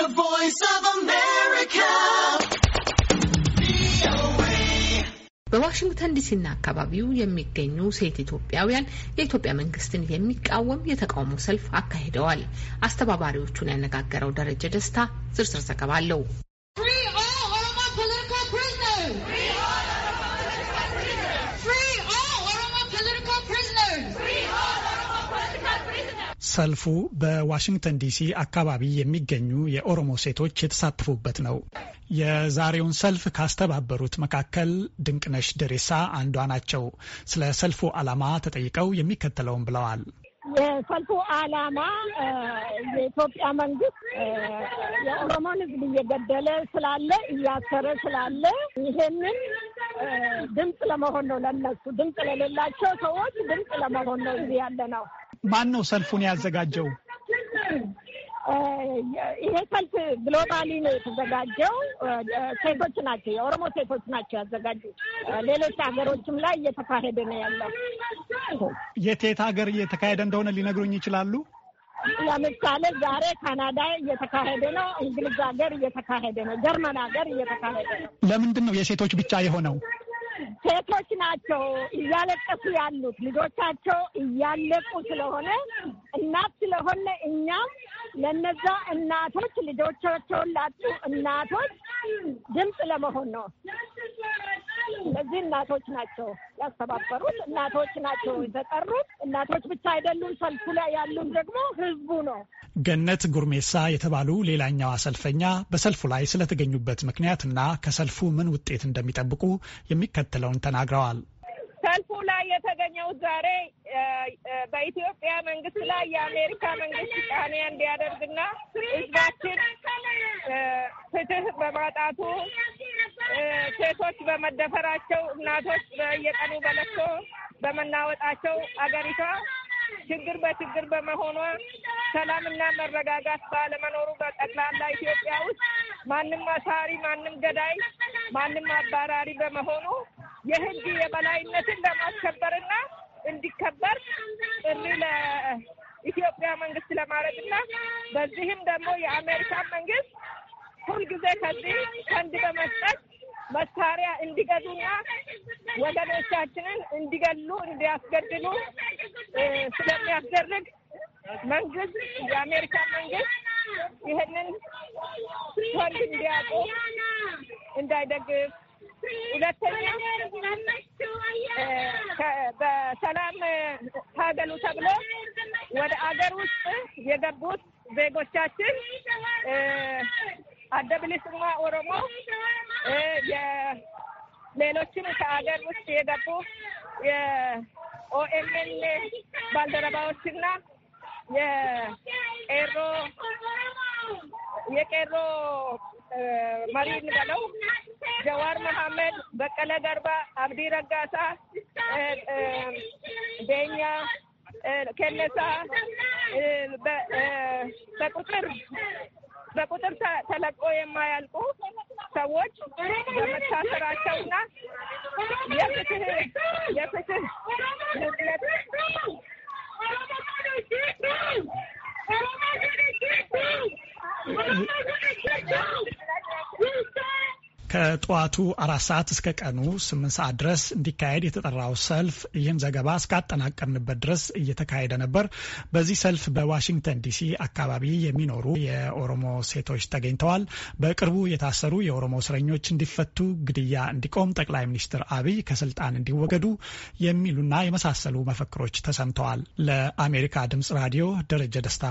The Voice of America. በዋሽንግተን ዲሲና አካባቢው የሚገኙ ሴት ኢትዮጵያውያን የኢትዮጵያ መንግስትን የሚቃወም የተቃውሞ ሰልፍ አካሂደዋል። አስተባባሪዎቹን ያነጋገረው ደረጀ ደስታ ዝርዝር ዘገባ አለው። ሰልፉ በዋሽንግተን ዲሲ አካባቢ የሚገኙ የኦሮሞ ሴቶች የተሳተፉበት ነው። የዛሬውን ሰልፍ ካስተባበሩት መካከል ድንቅነሽ ደሬሳ አንዷ ናቸው። ስለ ሰልፉ ዓላማ ተጠይቀው የሚከተለውን ብለዋል። የሰልፉ ዓላማ የኢትዮጵያ መንግስት የኦሮሞን ሕዝብ እየገደለ ስላለ እያሰረ ስላለ ይሄንን ድምፅ ለመሆን ነው። ለነሱ ድምፅ ለሌላቸው ሰዎች ድምፅ ለመሆን ነው እዚህ ያለ ነው። ማን ነው ሰልፉን ያዘጋጀው? ይሄ ሰልፍ ግሎባሊ ነው የተዘጋጀው። ሴቶች ናቸው፣ የኦሮሞ ሴቶች ናቸው ያዘጋጁ። ሌሎች ሀገሮችም ላይ እየተካሄደ ነው ያለው። የት የት ሀገር እየተካሄደ እንደሆነ ሊነግሩኝ ይችላሉ? ለምሳሌ ዛሬ ካናዳ እየተካሄደ ነው፣ እንግሊዝ ሀገር እየተካሄደ ነው፣ ጀርመን ሀገር እየተካሄደ ነው። ለምንድን ነው የሴቶች ብቻ የሆነው? ሴቶች ናቸው እያለቀሱ ያሉት ልጆቻቸው እያለቁ ስለሆነ እናት ስለሆነ እኛም ለነዛ እናቶች ልጆቻቸውን ላጡ እናቶች ድምፅ ለመሆን ነው። እነዚህ እናቶች ናቸው ያስተባበሩት እናቶች ናቸው የተጠሩት። እናቶች ብቻ አይደሉም፣ ሰልፉ ላይ ያሉም ደግሞ ህዝቡ ነው። ገነት ጉርሜሳ የተባሉ ሌላኛዋ ሰልፈኛ በሰልፉ ላይ ስለተገኙበት ምክንያትና ከሰልፉ ምን ውጤት እንደሚጠብቁ የሚከተለውን ተናግረዋል። ሰልፉ ላይ የተገኘው ዛሬ በኢትዮጵያ መንግስት ላይ የአሜሪካ መንግስት ጫና እንዲያደርግና ህዝባችን ፍትህ በማጣቱ ሴቶች በመደፈራቸው፣ እናቶች በየቀኑ በለቅሶ በመናወጣቸው አገሪቷ ችግር በችግር በመሆኗ ሰላምና መረጋጋት ባለመኖሩ በጠቅላላ ኢትዮጵያ ውስጥ ማንም አሳሪ፣ ማንም ገዳይ፣ ማንም አባራሪ በመሆኑ የሕግ የበላይነትን ለማስከበርና እንዲከበር ጥሪ ለኢትዮጵያ መንግስት ለማድረግና በዚህም ደግሞ የአሜሪካን መንግስት ሁልጊዜ ከዚህ ፈንድ በመስጠት መሳሪያ እንዲገዙና ወገኖቻችንን እንዲገሉ እንዲያስገድሉ ስለሚያስደርግ መንግስት የአሜሪካ መንግስት ይህንን ፈንድ እንዲያጡ እንዳይደግፍ፣ ሁለተኛ በሰላም ታገሉ ተብሎ ወደ አገር ውስጥ የገቡት ዜጎቻችን አደብሊስማ ኦሮሞ ሌሎችን ከሀገር ውስጥ የገቡ የኦኤምኤን ባልደረባዎችና የቄሮ የቄሮ መሪ በለው ጀዋር መሐመድ፣ በቀለ ገርባ፣ አብዲ ረጋሳ፣ ቤኛ ከነሳ በቁጥር በቁጥር ተለቆ የማያልቁ ሰዎች በመታሰራቸውና የፍትህ የፍትህ ጉድለት ከጠዋቱ አራት ሰዓት እስከ ቀኑ ስምንት ሰዓት ድረስ እንዲካሄድ የተጠራው ሰልፍ ይህን ዘገባ እስካጠናቀርንበት ድረስ እየተካሄደ ነበር። በዚህ ሰልፍ በዋሽንግተን ዲሲ አካባቢ የሚኖሩ የኦሮሞ ሴቶች ተገኝተዋል። በቅርቡ የታሰሩ የኦሮሞ እስረኞች እንዲፈቱ፣ ግድያ እንዲቆም፣ ጠቅላይ ሚኒስትር አብይ ከስልጣን እንዲወገዱ የሚሉና የመሳሰሉ መፈክሮች ተሰምተዋል። ለአሜሪካ ድምጽ ራዲዮ ደረጀ ደስታ